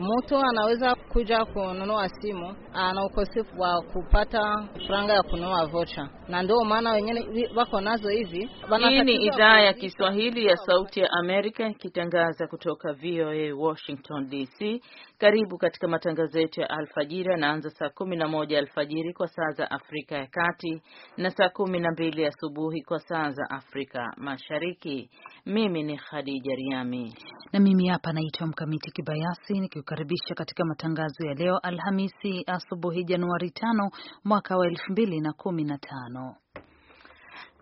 Mtu anaweza kuja kununua simu, ana ukosefu wa kupata franga ya kununua vocha, na ndio maana wenyewe wako nazo hivi. Hii ni idhaa ya Kiswahili ya Sauti ya Amerika ikitangaza kutoka VOA Washington DC. Karibu katika matangazo yetu ya alfajiri, anaanza saa moja alfajiri kwa saa za Afrika ya Kati na saa 12 asubuhi kwa saa za Afrika Mashariki. Mimi ni Khadija Riami na mimi hapa naitwa Mkamiti Kibayasi kukaribisha katika matangazo ya leo Alhamisi asubuhi Januari 5 mwaka wa 2015.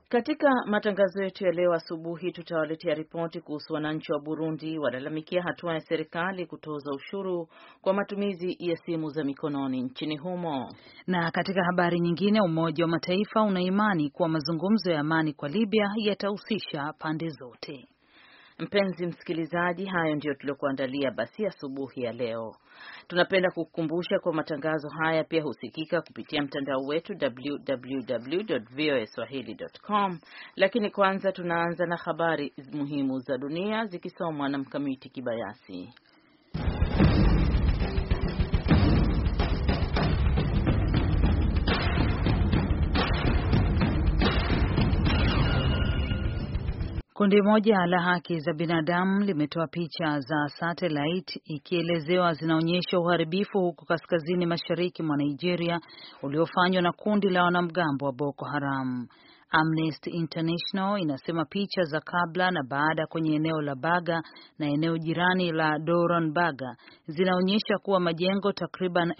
Katika matangazo yetu ya leo asubuhi tutawaletea ripoti kuhusu wananchi wa Burundi walalamikia hatua ya serikali kutoza ushuru kwa matumizi ya simu za mikononi nchini humo. Na katika habari nyingine, Umoja wa Mataifa unaimani kuwa mazungumzo ya amani kwa Libya yatahusisha pande zote. Mpenzi msikilizaji, hayo ndiyo tuliokuandalia basi asubuhi ya, leo. Tunapenda kukukumbusha kwa matangazo haya pia husikika kupitia mtandao wetu voa swahilicom lakini kwanza tunaanza na habari muhimu za dunia zikisomwa na Mkamiti Kibayasi. Kundi moja la haki za binadamu limetoa picha za satellite ikielezewa zinaonyesha uharibifu huko kaskazini mashariki mwa Nigeria uliofanywa na kundi la wanamgambo wa Boko Haram. Amnesty International inasema picha za kabla na baada kwenye eneo la Baga na eneo jirani la doron baga zinaonyesha kuwa majengo takriban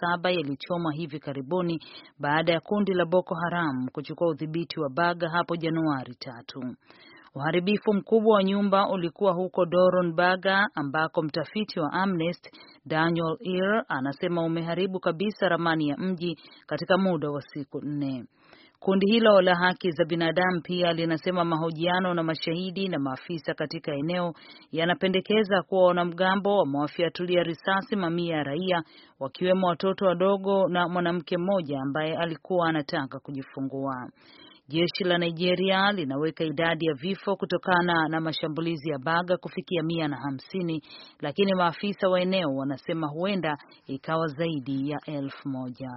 saba yalichomwa hivi karibuni baada ya kundi la Boko Haram kuchukua udhibiti wa Baga hapo Januari tatu. Uharibifu mkubwa wa nyumba ulikuwa huko doron baga ambako mtafiti wa Amnesty Daniel Ear anasema umeharibu kabisa ramani ya mji katika muda wa siku nne. Kundi hilo la haki za binadamu pia linasema mahojiano na mashahidi na maafisa katika eneo yanapendekeza kuwa wanamgambo wamewafiatulia risasi mamia ya raia wakiwemo watoto wadogo na mwanamke mmoja ambaye alikuwa anataka kujifungua. Jeshi la Nigeria linaweka idadi ya vifo kutokana na mashambulizi ya Baga kufikia mia na hamsini, lakini maafisa wa eneo wanasema huenda ikawa zaidi ya elfu moja.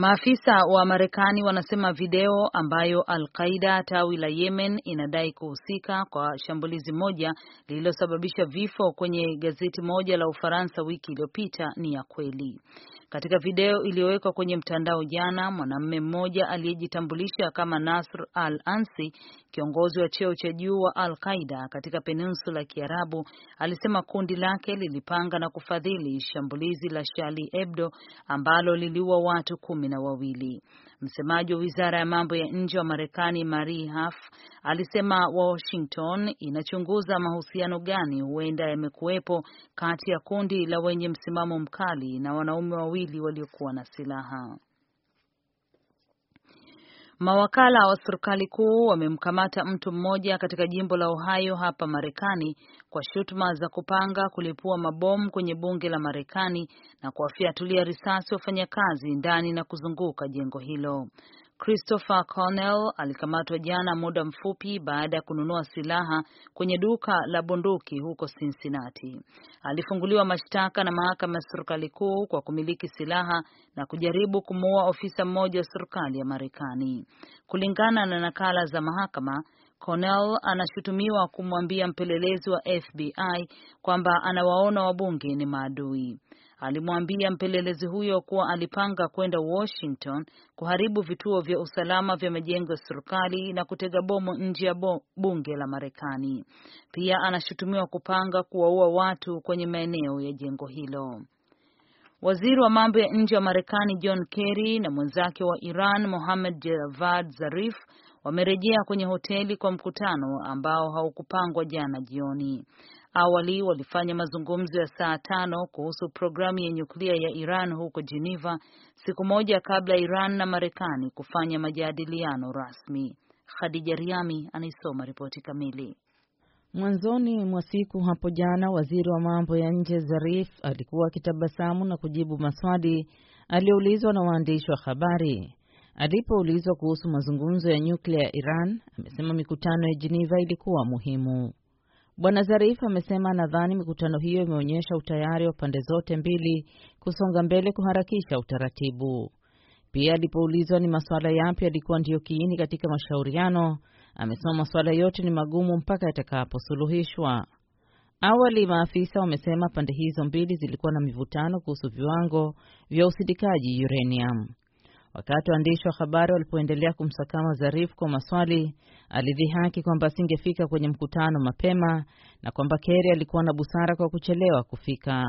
Maafisa wa Marekani wanasema video ambayo Al-Qaida tawi la Yemen inadai kuhusika kwa shambulizi moja lililosababisha vifo kwenye gazeti moja la Ufaransa wiki iliyopita ni ya kweli. Katika video iliyowekwa kwenye mtandao jana, mwanamume mmoja aliyejitambulisha kama Nasr Al-Ansi, kiongozi wa cheo cha juu wa Al-Qaida katika peninsula ya Kiarabu, alisema kundi lake lilipanga na kufadhili shambulizi la Charlie Hebdo ambalo liliua watu kumi na wawili. Msemaji wa wizara ya mambo ya nje wa Marekani Marie Harf alisema Washington inachunguza mahusiano gani huenda yamekuwepo kati ya kundi la wenye msimamo mkali na wanaume wawili waliokuwa na silaha. Mawakala wa serikali kuu wamemkamata mtu mmoja katika jimbo la Ohio hapa Marekani kwa shutuma za kupanga kulipua mabomu kwenye bunge la Marekani na kuwafiatulia risasi wafanyakazi ndani na kuzunguka jengo hilo. Christopher Connell alikamatwa jana muda mfupi baada ya kununua silaha kwenye duka la bunduki huko Cincinnati. Alifunguliwa mashtaka na mahakama ya serikali kuu kwa kumiliki silaha na kujaribu kumuua ofisa mmoja wa serikali ya Marekani. Kulingana na nakala za mahakama, Connell anashutumiwa kumwambia mpelelezi wa FBI kwamba anawaona wabunge ni maadui alimwambia mpelelezi huyo kuwa alipanga kwenda Washington kuharibu vituo vya usalama vya majengo ya serikali na kutega bomu nje ya bunge la Marekani. Pia anashutumiwa kupanga kuwaua watu kwenye maeneo ya jengo hilo. Waziri wa mambo ya nje wa Marekani John Kerry na mwenzake wa Iran Mohamed Javad Zarif wamerejea kwenye hoteli kwa mkutano ambao haukupangwa jana jioni awali walifanya mazungumzo ya saa tano kuhusu programu ya nyuklia ya Iran huko Geneva, siku moja kabla Iran na Marekani kufanya majadiliano rasmi. Khadija Riami anaisoma ripoti kamili. Mwanzoni mwa siku hapo jana, waziri wa mambo ya nje Zarif alikuwa akitabasamu na kujibu maswali aliyoulizwa na waandishi wa habari. Alipoulizwa kuhusu mazungumzo ya nyuklia ya Iran, amesema mikutano ya Geneva ilikuwa muhimu. Bwana Zarif amesema nadhani mikutano hiyo imeonyesha utayari wa pande zote mbili kusonga mbele kuharakisha utaratibu. Pia alipoulizwa ni masuala yapi yalikuwa ndiyo kiini katika mashauriano, amesema masuala yote ni magumu mpaka yatakaposuluhishwa. Awali maafisa wamesema pande hizo mbili zilikuwa na mivutano kuhusu viwango vya usindikaji uranium. Wakati waandishi wa habari walipoendelea kumsakama Zarif kwa maswali, alidhihaki kwamba asingefika kwenye mkutano mapema na kwamba Keri alikuwa na busara kwa kuchelewa kufika.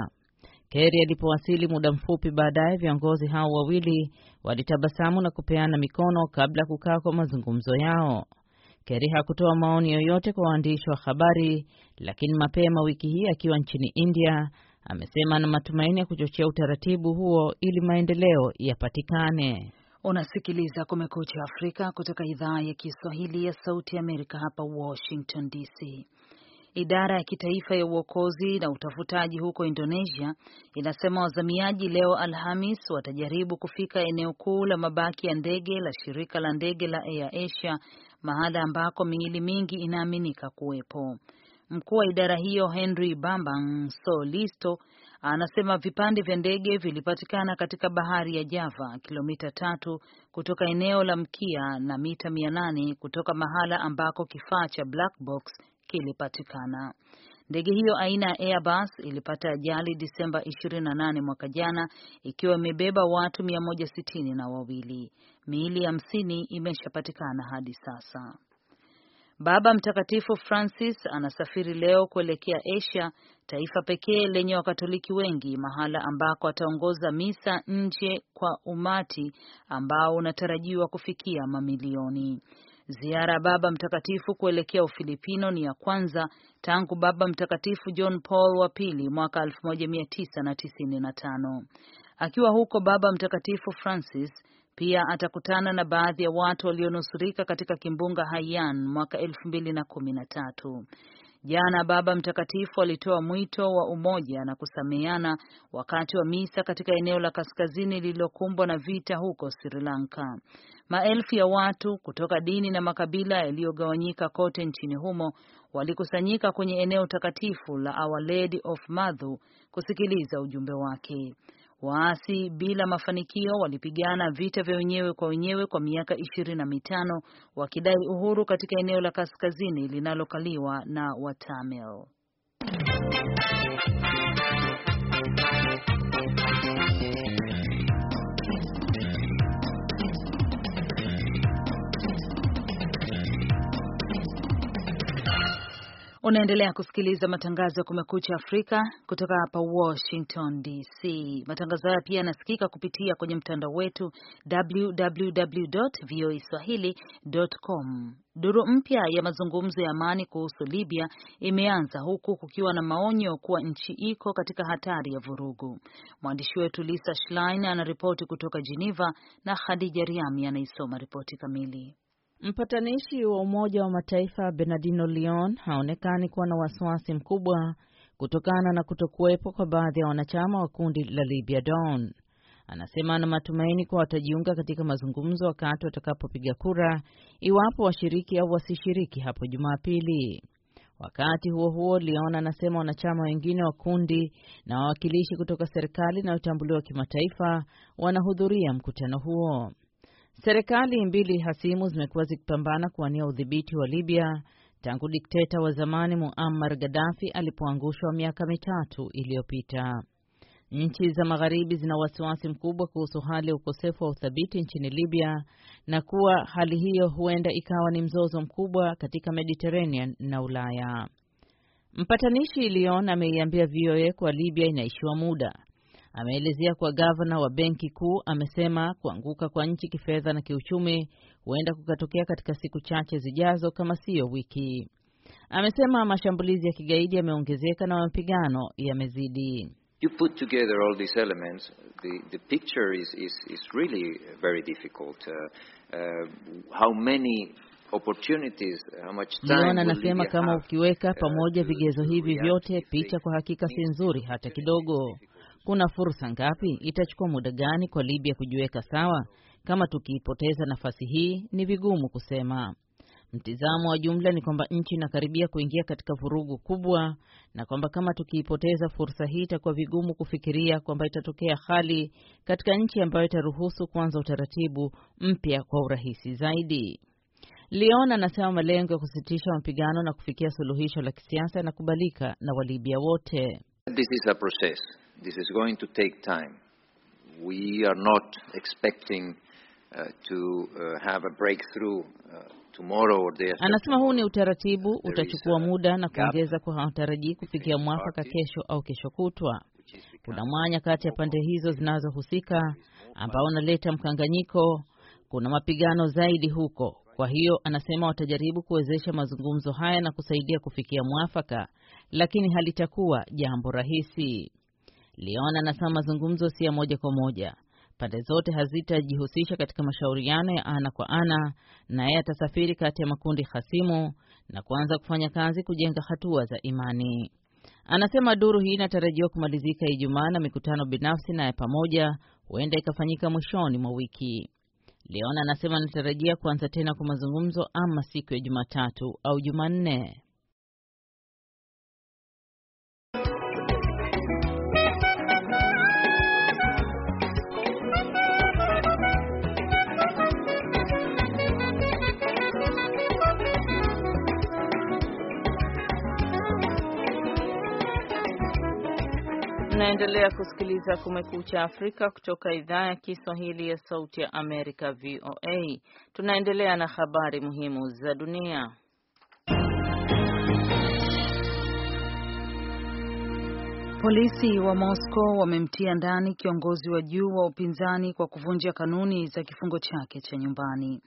Keri alipowasili muda mfupi baadaye, viongozi hao wawili walitabasamu na kupeana mikono kabla ya kukaa kwa mazungumzo yao. Keri hakutoa maoni yoyote kwa waandishi wa habari, lakini mapema wiki hii akiwa nchini India amesema ana matumaini ya kuchochea utaratibu huo ili maendeleo yapatikane. Unasikiliza Kumekucha Afrika kutoka idhaa ya Kiswahili ya Sauti Amerika, hapa Washington DC. Idara ya kitaifa ya uokozi na utafutaji huko Indonesia inasema wazamiaji leo Alhamis watajaribu kufika eneo kuu la mabaki ya ndege la shirika la ndege la Air Asia, mahala ambako miili mingi inaaminika kuwepo. Mkuu wa idara hiyo Henry Bambang Solisto anasema vipande vya ndege vilipatikana katika bahari ya Java, kilomita tatu kutoka eneo la mkia na mita mia nane kutoka mahala ambako kifaa cha black box kilipatikana. Ndege hiyo aina ya Airbus ilipata ajali Disemba 28 mwaka jana ikiwa imebeba watu mia moja sitini na wawili. Miili hamsini imeshapatikana hadi sasa. Baba Mtakatifu Francis anasafiri leo kuelekea Asia, taifa pekee lenye Wakatoliki wengi, mahala ambako ataongoza misa nje kwa umati ambao unatarajiwa kufikia mamilioni. Ziara ya Baba Mtakatifu kuelekea Ufilipino ni ya kwanza tangu Baba Mtakatifu John Paul wa pili mwaka 1995. Akiwa huko Baba Mtakatifu Francis pia atakutana na baadhi ya watu walionusurika katika kimbunga Haiyan mwaka 2013. Jana Baba Mtakatifu alitoa mwito wa umoja na kusameheana wakati wa misa katika eneo la kaskazini lililokumbwa na vita huko Sri Lanka. Maelfu ya watu kutoka dini na makabila yaliyogawanyika kote nchini humo walikusanyika kwenye eneo takatifu la Our Lady of Madhu kusikiliza ujumbe wake. Waasi bila mafanikio walipigana vita vya wenyewe kwa wenyewe kwa miaka ishirini na mitano wakidai uhuru katika eneo la kaskazini linalokaliwa na Watamil. Unaendelea kusikiliza matangazo ya Kumekucha Afrika kutoka hapa Washington DC. Matangazo haya pia yanasikika kupitia kwenye mtandao wetu www www.voaswahili.com. Duru mpya ya mazungumzo ya amani kuhusu Libya imeanza huku kukiwa na maonyo kuwa nchi iko katika hatari ya vurugu. Mwandishi wetu Lisa Schlein anaripoti kutoka Geneva na Khadija Riami anaisoma ripoti kamili. Mpatanishi wa Umoja wa Mataifa Bernardino Leon haonekani kuwa na wasiwasi mkubwa kutokana na kutokuwepo kwa baadhi ya wanachama wa kundi la Libya Dawn. Anasema ana matumaini kuwa watajiunga katika mazungumzo wakati watakapopiga kura, iwapo washiriki au wasishiriki hapo Jumapili. Wakati huo huo, Leon anasema wanachama wengine wa kundi na wawakilishi kutoka serikali inayotambuliwa kimataifa wanahudhuria mkutano huo. Serikali mbili hasimu zimekuwa zikipambana kuwania udhibiti wa Libya tangu dikteta wa zamani Muammar Gaddafi alipoangushwa miaka mitatu iliyopita. Nchi za magharibi zina wasiwasi mkubwa kuhusu hali ya ukosefu wa uthabiti nchini Libya na kuwa hali hiyo huenda ikawa ni mzozo mkubwa katika Mediterranean na Ulaya. Mpatanishi Lyon ameiambia VOA kuwa Libya inaishiwa muda Ameelezea kuwa gavana wa benki kuu amesema kuanguka kwa nchi kifedha na kiuchumi huenda kukatokea katika siku chache zijazo, kama siyo wiki. Amesema mashambulizi ya kigaidi yameongezeka na mapigano yamezidi. You put together all these elements, the, the picture is, is, is really very difficult. Uh, uh, how many opportunities, how much time anasema kama ukiweka uh, pamoja vigezo hivi vyote, picha kwa hakika si nzuri hata kidogo. Kuna fursa ngapi? Itachukua muda gani kwa Libya kujiweka sawa? Kama tukiipoteza nafasi hii, ni vigumu kusema. Mtizamo wa jumla ni kwamba nchi inakaribia kuingia katika vurugu kubwa, na kwamba kama tukiipoteza fursa hii, itakuwa vigumu kufikiria kwamba itatokea hali katika nchi ambayo itaruhusu kuanza utaratibu mpya kwa urahisi zaidi. Leon anasema malengo ya kusitisha mapigano na kufikia suluhisho la kisiasa yanakubalika na Walibya wote. This is a process. This is going to take time. We are not expecting uh, to uh, have a breakthrough uh, tomorrow or the Anasema huu ni utaratibu utachukua muda na kuongeza kwa hatarajii kufikia mwafaka kesho au kesho kutwa. Kuna mwanya kati ya pande hizo zinazohusika ambao unaleta mkanganyiko. Kuna mapigano zaidi huko. Kwa hiyo anasema watajaribu kuwezesha mazungumzo haya na kusaidia kufikia mwafaka, lakini halitakuwa jambo rahisi. Leon anasema mazungumzo si ya moja kwa moja, pande zote hazitajihusisha katika mashauriano ya ana kwa ana, naye atasafiri kati ya makundi hasimu na kuanza kufanya kazi kujenga hatua za imani. Anasema duru hii inatarajiwa kumalizika Ijumaa na mikutano binafsi na ya pamoja huenda ikafanyika mwishoni mwa wiki. Leon anasema anatarajia kuanza tena kwa mazungumzo ama siku ya Jumatatu au Jumanne. Mnaendelea kusikiliza Kumekucha Afrika kutoka idhaa ya Kiswahili ya Sauti ya Amerika, VOA. Tunaendelea na habari muhimu za dunia. Polisi wa Moscow wamemtia ndani kiongozi wa juu wa upinzani kwa kuvunja kanuni za kifungo chake cha nyumbani.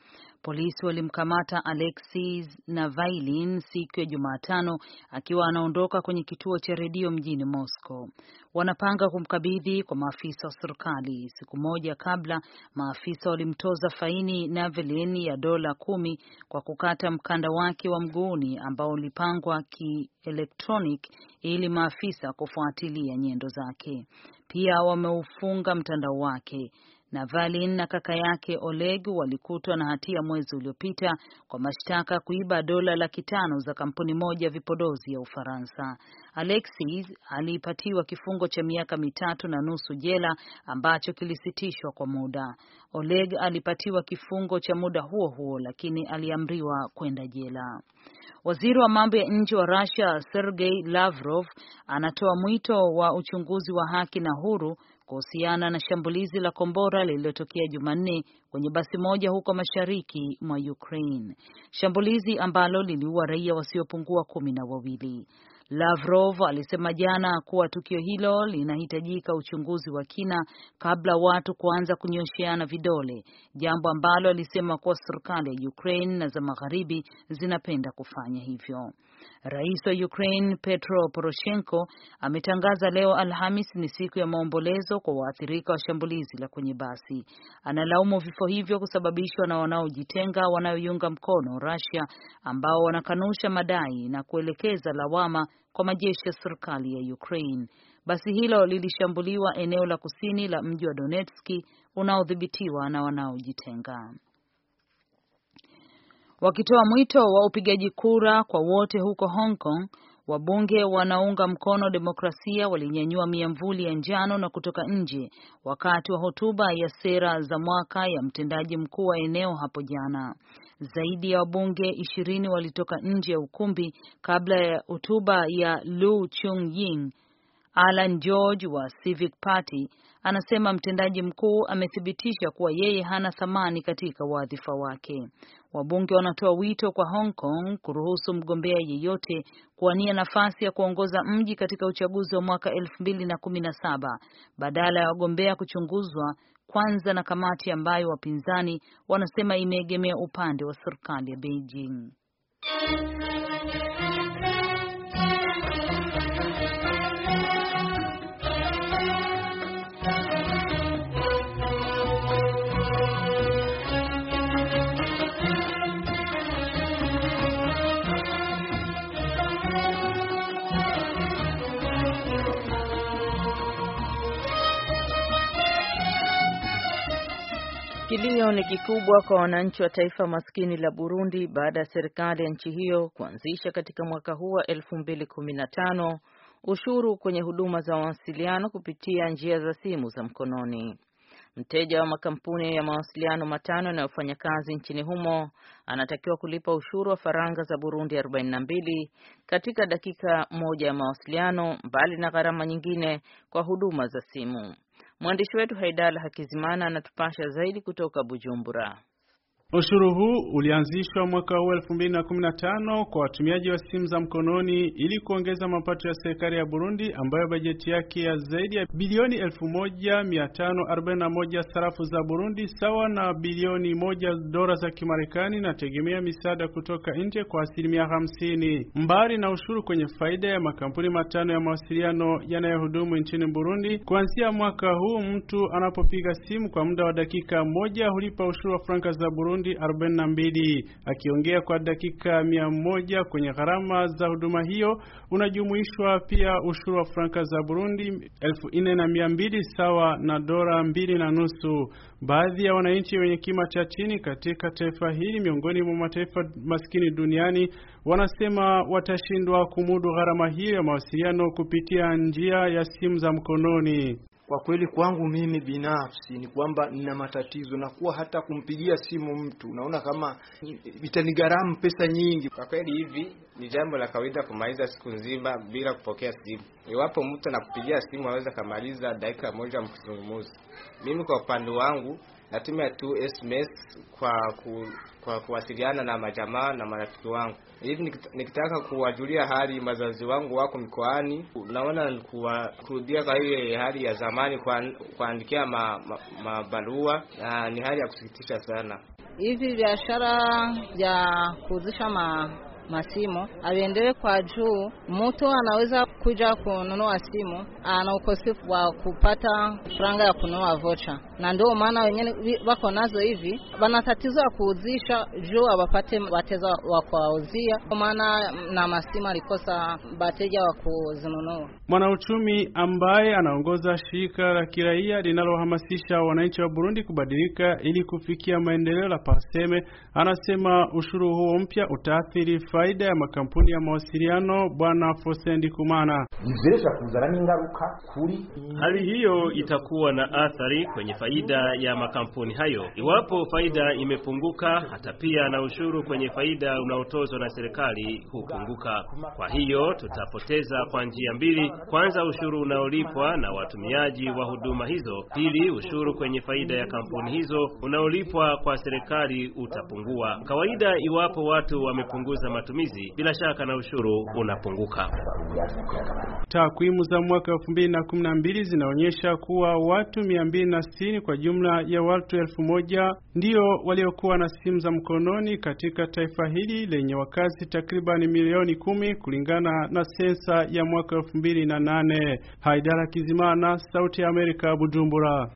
Polisi walimkamata Alexis Navalny siku ya Jumatano akiwa anaondoka kwenye kituo cha redio mjini Moscow. Wanapanga kumkabidhi kwa maafisa wa serikali. Siku moja kabla, maafisa walimtoza faini Navalny ya dola kumi kwa kukata mkanda wake wa mguuni ambao ulipangwa kielektronic ili maafisa kufuatilia nyendo zake. Pia wameufunga mtandao wake. Navalin na kaka yake Oleg walikutwa na hatia mwezi uliopita kwa mashtaka kuiba dola laki tano za kampuni moja vipodozi ya Ufaransa. Alexis alipatiwa kifungo cha miaka mitatu na nusu jela ambacho kilisitishwa kwa muda. Oleg alipatiwa kifungo cha muda huo huo, lakini aliamriwa kwenda jela. Waziri wa mambo ya nje wa Russia Sergei Lavrov anatoa mwito wa uchunguzi wa haki na huru kuhusiana na shambulizi la kombora lililotokea Jumanne kwenye basi moja huko mashariki mwa Ukraine, shambulizi ambalo liliua raia wasiopungua kumi na wawili. Lavrov alisema jana kuwa tukio hilo linahitajika uchunguzi wa kina kabla watu kuanza kunyosheana vidole, jambo ambalo alisema kuwa serikali ya Ukraine na za magharibi zinapenda kufanya hivyo. Rais wa Ukraine Petro Poroshenko ametangaza leo Alhamis ni siku ya maombolezo kwa waathirika wa shambulizi la kwenye basi. Analaumu vifo hivyo kusababishwa na wanaojitenga wanaoiunga mkono Russia ambao wanakanusha madai na kuelekeza lawama kwa majeshi ya serikali ya Ukraine. Basi hilo lilishambuliwa eneo la kusini la mji wa Donetski unaodhibitiwa na wanaojitenga wakitoa mwito wa upigaji kura kwa wote huko Hong Kong. Wabunge wanaunga mkono demokrasia walinyanyua miamvuli ya njano na kutoka nje wakati wa hotuba ya sera za mwaka ya mtendaji mkuu wa eneo hapo jana. Zaidi ya wabunge ishirini walitoka nje ya ukumbi kabla ya hotuba ya Lu Chung Ying Alan George wa Civic Party anasema mtendaji mkuu amethibitisha kuwa yeye hana thamani katika wadhifa wake. Wabunge wanatoa wito kwa Hong Kong kuruhusu mgombea yeyote kuwania nafasi ya kuongoza mji katika uchaguzi wa mwaka 2017 badala ya wagombea kuchunguzwa kwanza na kamati ambayo wapinzani wanasema imeegemea upande wa serikali ya Beijing. Kilio ni kikubwa kwa wananchi wa taifa maskini la Burundi baada ya serikali ya nchi hiyo kuanzisha katika mwaka huu wa 2015 ushuru kwenye huduma za mawasiliano kupitia njia za simu za mkononi. Mteja wa makampuni ya mawasiliano matano yanayofanya kazi nchini humo anatakiwa kulipa ushuru wa faranga za Burundi 42 katika dakika moja ya mawasiliano, mbali na gharama nyingine kwa huduma za simu. Mwandishi wetu Haidala Hakizimana anatupasha zaidi kutoka Bujumbura. Ushuru huu ulianzishwa mwaka huu 2015 kwa watumiaji wa simu za mkononi ili kuongeza mapato ya serikali ya Burundi ambayo bajeti yake ya zaidi ya bilioni 1541 sarafu za Burundi sawa na bilioni moja dola za Kimarekani inategemea misaada kutoka nje kwa asilimia hamsini. Mbali na ushuru kwenye faida ya makampuni matano ya mawasiliano yanayohudumu nchini Burundi, kuanzia mwaka huu mtu anapopiga simu kwa muda wa dakika moja hulipa ushuru wa franka za Burundi paundi 42. Akiongea kwa dakika mia moja kwenye gharama za huduma hiyo unajumuishwa pia ushuru wa franka za Burundi elfu nne na mia mbili sawa na dola mbili na nusu. Baadhi ya wananchi wenye kima cha chini katika taifa hili miongoni mwa mataifa maskini duniani wanasema watashindwa kumudu gharama hiyo ya mawasiliano kupitia njia ya simu za mkononi. Kwa kweli kwangu mimi binafsi ni kwamba nina matatizo na kuwa hata kumpigia simu mtu naona kama itanigharamu pesa nyingi. Kwa kweli hivi ni jambo la kawaida kumaliza siku nzima bila kupokea simu. Iwapo mtu anakupigia simu aweza kamaliza dakika moja mkizungumuzi Mimi kwa upande wangu natumia tu SMS kwa ku, kwa kuwasiliana na majamaa na marafiki wangu hivi nikitaka kuwajulia hali mazazi wangu wako mikoani, naona kurudia kwa ile hali ya zamani, kuandikia mabarua ma, ma na ni hali ya kusikitisha sana. Hivi biashara ya kuuzisha ma masimu aviendewe kwa juu. Mtu anaweza kuja kununua simu, ana ukosefu wa kupata franga ya kununua vocha, na ndio maana wenyewe wako nazo hivi, wana tatizo ya kuuzisha juu awapate wateza wa kuwauzia, kwa maana na masimu alikosa bateja wa kuzinunua. Mwanauchumi ambaye anaongoza shirika la kiraia linalohamasisha wananchi wa Burundi kubadilika ili kufikia maendeleo la Paseme anasema ushuru huo mpya utaathiri faida ya makampuni ya mawasiliano Bwana Fosendi Kumana. Hali hiyo itakuwa na athari kwenye faida ya makampuni hayo iwapo faida imepunguka, hata pia na ushuru kwenye faida unaotozwa na serikali hupunguka. Kwa hiyo tutapoteza kwa njia mbili, kwanza ushuru unaolipwa na watumiaji wa huduma hizo, pili ushuru kwenye faida ya kampuni hizo unaolipwa kwa serikali utapungua. Kawaida iwapo watu wamepunguza matumizi, bila shaka na ushuru unapunguka. Takwimu za mwaka 2012 zinaonyesha kuwa watu 260 kwa jumla ya watu elfu moja ndio waliokuwa na simu za mkononi katika taifa hili lenye wakazi takribani milioni kumi kulingana na sensa ya mwaka 2008. Haidara Kizimana, Sauti ya Amerika, Bujumbura.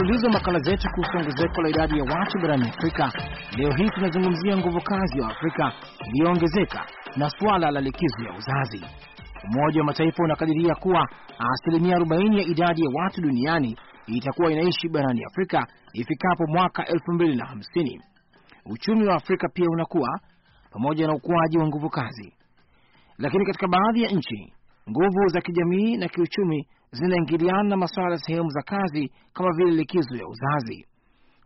mfululizo wa makala zetu kuhusu ongezeko la idadi ya watu barani Afrika. Leo hii tunazungumzia nguvu kazi wa Afrika iliyoongezeka na suala la likizo ya uzazi. Umoja wa Mataifa unakadiria kuwa asilimia 40 ya idadi ya watu duniani itakuwa inaishi barani Afrika ifikapo mwaka 2050. Uchumi wa Afrika pia unakuwa pamoja na ukuaji wa nguvu kazi, lakini katika baadhi ya nchi nguvu za kijamii na kiuchumi zinaingiliana na masuala ya sehemu za kazi kama vile likizo ya uzazi.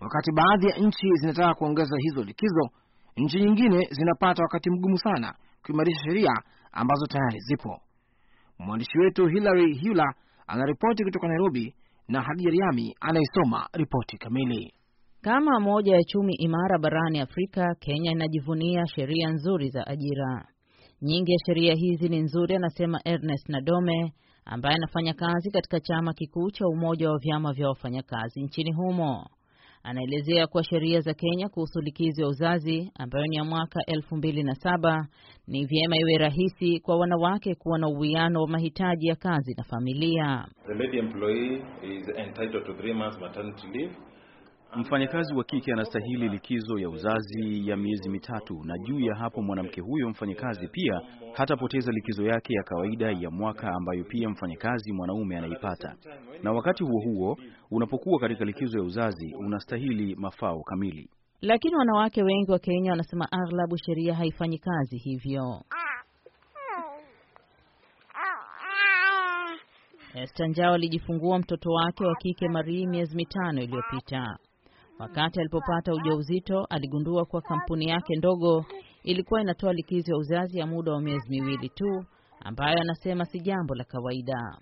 Wakati baadhi ya nchi zinataka kuongeza hizo likizo, nchi nyingine zinapata wakati mgumu sana kuimarisha sheria ambazo tayari zipo. Mwandishi wetu Hilary Hula anaripoti kutoka Nairobi na Hadija Riami anayesoma ripoti kamili. Kama moja ya chumi imara barani Afrika, Kenya inajivunia sheria nzuri za ajira. Nyingi ya sheria hizi ni nzuri, anasema Ernest Nadome, ambaye anafanya kazi katika chama kikuu cha umoja wa vyama vya wafanyakazi nchini humo. Anaelezea kuwa sheria za Kenya kuhusu likizo ya uzazi ambayo ni ya mwaka saba ni vyema iwe rahisi kwa wanawake kuwa na uwiano wa mahitaji ya kazi na familia. The lady employee is entitled to three months maternity leave. Mfanyakazi wa kike anastahili likizo ya uzazi ya miezi mitatu, na juu ya hapo mwanamke huyo mfanyakazi pia hatapoteza likizo yake ya kawaida ya mwaka ambayo pia mfanyakazi mwanaume anaipata. Na wakati huo huo, unapokuwa katika likizo ya uzazi unastahili mafao kamili. Lakini wanawake wengi wa Kenya wanasema aghlabu sheria haifanyi kazi hivyo. Esther Njao alijifungua mtoto wake wa kike Marie miezi mitano iliyopita. Wakati alipopata ujauzito, aligundua kuwa kampuni yake ndogo ilikuwa inatoa likizo ya uzazi ya muda wa miezi miwili tu, ambayo anasema si jambo la kawaida.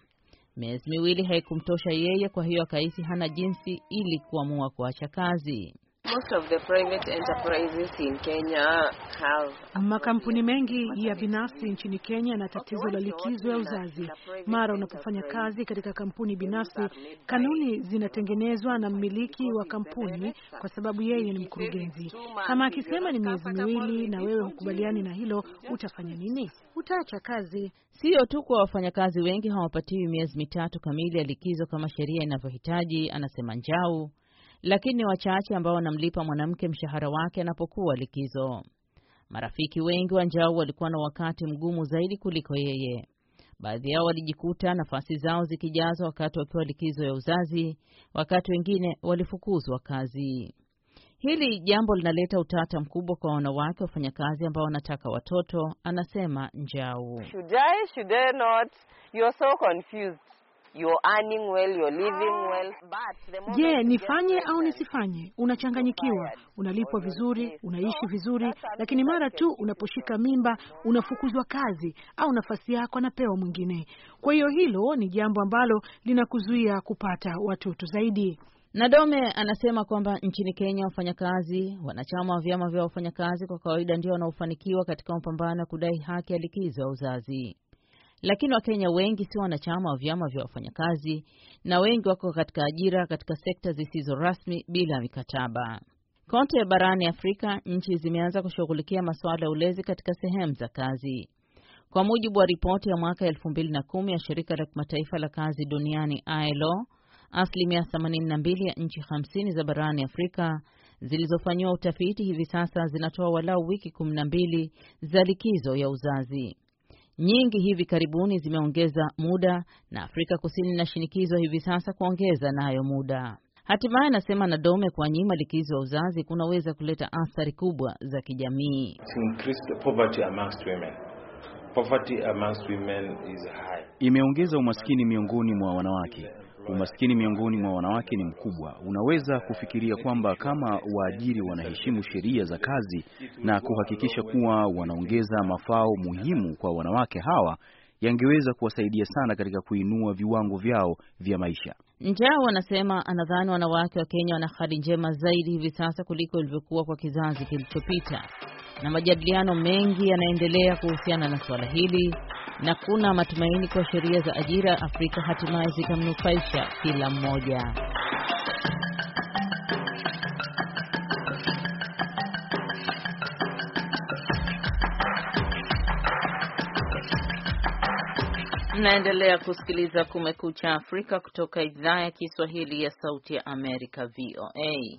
Miezi miwili haikumtosha yeye, kwa hiyo akahisi hana jinsi ili kuamua kuacha kazi makampuni mengi ya binafsi nchini Kenya na tatizo la likizo ya uzazi. Mara unapofanya kazi katika kampuni binafsi, kanuni zinatengenezwa na mmiliki wa kampuni, kwa sababu yeye ni mkurugenzi. Kama akisema ni miezi miwili na wewe hukubaliani na hilo, utafanya nini? Utaacha kazi. sio tu kwa wafanyakazi wengi hawapatiwi miezi mitatu kamili ya likizo kama sheria inavyohitaji, anasema Njau lakini ni wachache ambao wanamlipa mwanamke mshahara wake anapokuwa likizo. Marafiki wengi wa Njau walikuwa na wakati mgumu zaidi kuliko yeye. Baadhi yao walijikuta nafasi zao zikijazwa wakati wakiwa likizo ya uzazi, wakati wengine walifukuzwa kazi. Hili jambo linaleta utata mkubwa kwa wanawake wafanyakazi ambao wanataka watoto, anasema Njau. Should I, should I not? so confused. Ah, Je, nifanye au nisifanye? Unachanganyikiwa, unalipwa vizuri, unaishi vizuri, lakini mara tu unaposhika mimba unafukuzwa kazi au nafasi yako anapewa mwingine. Kwa hiyo hilo ni jambo ambalo linakuzuia kupata watoto zaidi. Nadome anasema kwamba nchini Kenya wafanyakazi wanachama wa vyama vya wafanyakazi kwa kawaida ndio wanaofanikiwa katika mapambano ya kudai haki ya likizo ya uzazi lakini Wakenya wengi sio wanachama wa vyama vya wafanyakazi na wengi wako katika ajira katika sekta zisizo rasmi bila mikataba. Kote barani Afrika nchi zimeanza kushughulikia masuala ya ulezi katika sehemu za kazi. Kwa mujibu wa ripoti ya mwaka 2010 ya shirika la kimataifa la kazi duniani ILO, asilimia 82 ya nchi 50 za barani Afrika zilizofanyiwa utafiti hivi sasa zinatoa walau wiki 12 za likizo ya uzazi nyingi hivi karibuni zimeongeza muda na Afrika Kusini inashinikizwa hivi sasa kuongeza nayo na muda. Hatimaye anasema Nadome nyima likizo ya uzazi kunaweza kuleta athari kubwa za kijamii. Imeongeza umaskini miongoni mwa wanawake Umaskini miongoni mwa wanawake ni mkubwa. Unaweza kufikiria kwamba kama waajiri wanaheshimu sheria za kazi na kuhakikisha kuwa wanaongeza mafao muhimu kwa wanawake hawa yangeweza kuwasaidia sana katika kuinua viwango vyao vya maisha. Njao anasema anadhani wanawake wa Kenya wana hali njema zaidi hivi sasa kuliko ilivyokuwa kwa kizazi kilichopita, na majadiliano mengi yanaendelea kuhusiana na suala hili na kuna matumaini kwa sheria za ajira Afrika hatimaye zitamnufaisha kila mmoja. Mnaendelea kusikiliza Kumekucha Afrika kutoka idhaa ya Kiswahili ya Sauti ya Amerika, VOA.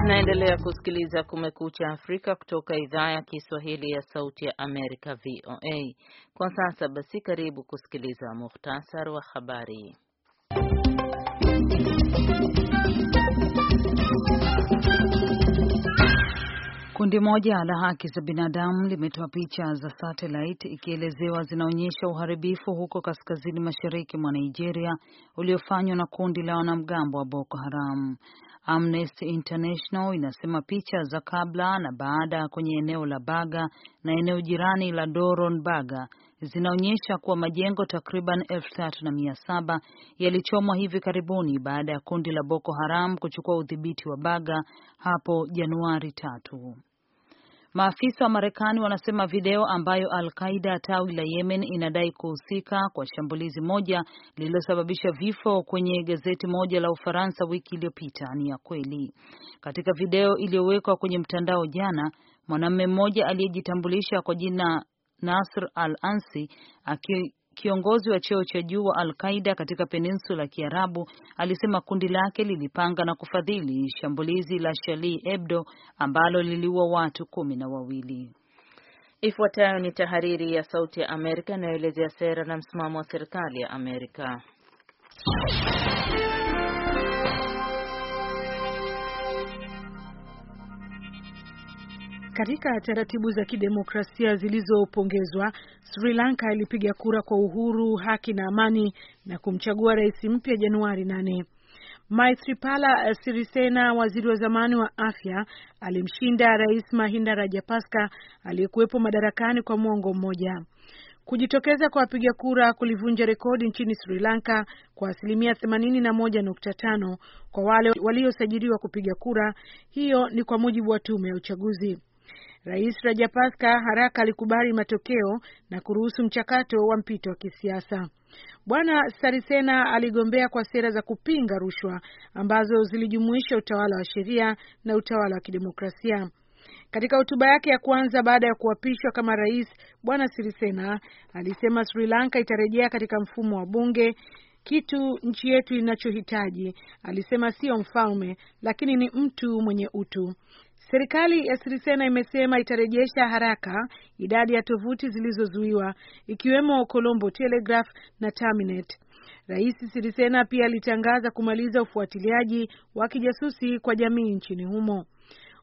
Tunaendelea kusikiliza Kumekucha Afrika kutoka idhaa ya Kiswahili ya Sauti ya Amerika, VOA. Kwa sasa basi, karibu kusikiliza muhtasar wa habari. Kundi moja la haki za binadamu limetoa picha za satellite ikielezewa zinaonyesha uharibifu huko kaskazini mashariki mwa Nigeria uliofanywa na kundi la wanamgambo wa Boko Haram. Amnesty International inasema picha za kabla na baada kwenye eneo la Baga na eneo jirani la Doron Baga zinaonyesha kuwa majengo takriban 3700 yalichomwa hivi karibuni baada ya kundi la Boko Haram kuchukua udhibiti wa Baga hapo Januari tatu. Maafisa wa Marekani wanasema video ambayo Al-Qaida tawi la Yemen inadai kuhusika kwa shambulizi moja lililosababisha vifo kwenye gazeti moja la Ufaransa wiki iliyopita ni ya kweli. Katika video iliyowekwa kwenye mtandao jana, mwanamume mmoja aliyejitambulisha kwa jina Nasr Al-Ansi aki kiongozi wa cheo cha juu wa Al-Qaida katika peninsula ya Kiarabu alisema kundi lake lilipanga na kufadhili shambulizi la Charlie Hebdo ambalo liliua watu kumi na wawili. Ifuatayo ni tahariri ya Sauti ya Amerika inayoelezea sera na msimamo wa serikali ya Amerika. Katika taratibu za kidemokrasia zilizopongezwa, Sri Lanka ilipiga kura kwa uhuru, haki na amani na kumchagua rais mpya Januari nane. Maithripala Sirisena, waziri wa zamani wa afya, alimshinda Rais Mahinda Rajapaksa aliyekuwepo madarakani kwa mwongo mmoja. Kujitokeza kwa wapiga kura kulivunja rekodi nchini Sri Lanka kwa asilimia 81.5 kwa wale waliosajiliwa kupiga kura. Hiyo ni kwa mujibu wa tume ya uchaguzi. Rais Rajapaksa haraka alikubali matokeo na kuruhusu mchakato wa mpito wa kisiasa. Bwana Sarisena aligombea kwa sera za kupinga rushwa ambazo zilijumuisha utawala wa sheria na utawala wa kidemokrasia. Katika hotuba yake ya kwanza baada ya kuapishwa kama rais, Bwana Sirisena alisema Sri Lanka itarejea katika mfumo wa bunge, kitu nchi yetu inachohitaji. Alisema sio mfalme, lakini ni mtu mwenye utu. Serikali ya Sirisena imesema itarejesha haraka idadi ya tovuti zilizozuiwa ikiwemo Colombo Telegraph na Terminet. Rais Sirisena pia alitangaza kumaliza ufuatiliaji wa kijasusi kwa jamii nchini humo.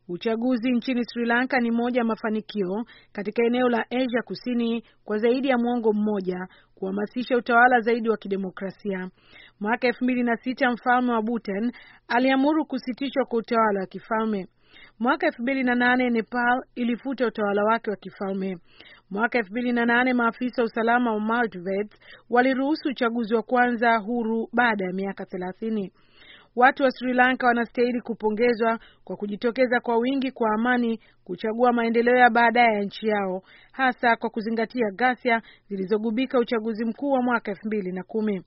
Uchaguzi nchini Sri Lanka ni moja ya mafanikio katika eneo la Asia Kusini kwa zaidi ya mwongo mmoja kuhamasisha utawala zaidi wa kidemokrasia. Mwaka elfu mbili na sita mfalme wa buten aliamuru kusitishwa kwa utawala wa kifalme. Mwaka na nane Nepal ilifuta utawala wake wa kifalme. Mwaka nane maafisa wa usalama wa Maldives waliruhusu uchaguzi wa kwanza huru baada ya miaka thelathini Watu wa Sri Lanka wanastahili kupongezwa kwa kujitokeza kwa wingi kwa amani kuchagua maendeleo ya baadaye ya nchi yao, hasa kwa kuzingatia ghasia zilizogubika uchaguzi mkuu wa mwaka elfu mbili na kumi.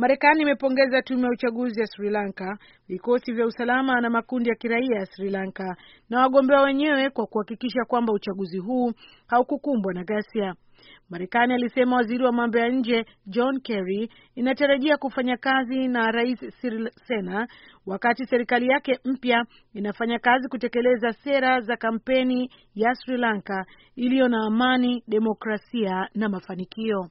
Marekani imepongeza tume ya uchaguzi ya Sri Lanka, vikosi vya usalama na makundi ya kiraia ya Sri Lanka na wagombea wenyewe kwa kuhakikisha kwamba uchaguzi huu haukukumbwa na ghasia. Marekani, alisema waziri wa mambo ya nje John Kerry, inatarajia kufanya kazi na Rais sena wakati serikali yake mpya inafanya kazi kutekeleza sera za kampeni ya Sri Lanka iliyo na amani, demokrasia na mafanikio.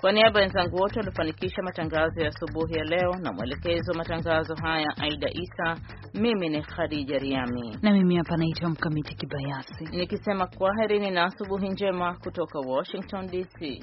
Kwa niaba ya wenzangu wote waliofanikisha matangazo ya asubuhi ya leo na mwelekezi wa matangazo haya Aida Isa, mimi ni Khadija Riami na mimi hapa naitwa Mkamiti Kibayasi nikisema kwaherini na asubuhi njema kutoka Washington DC.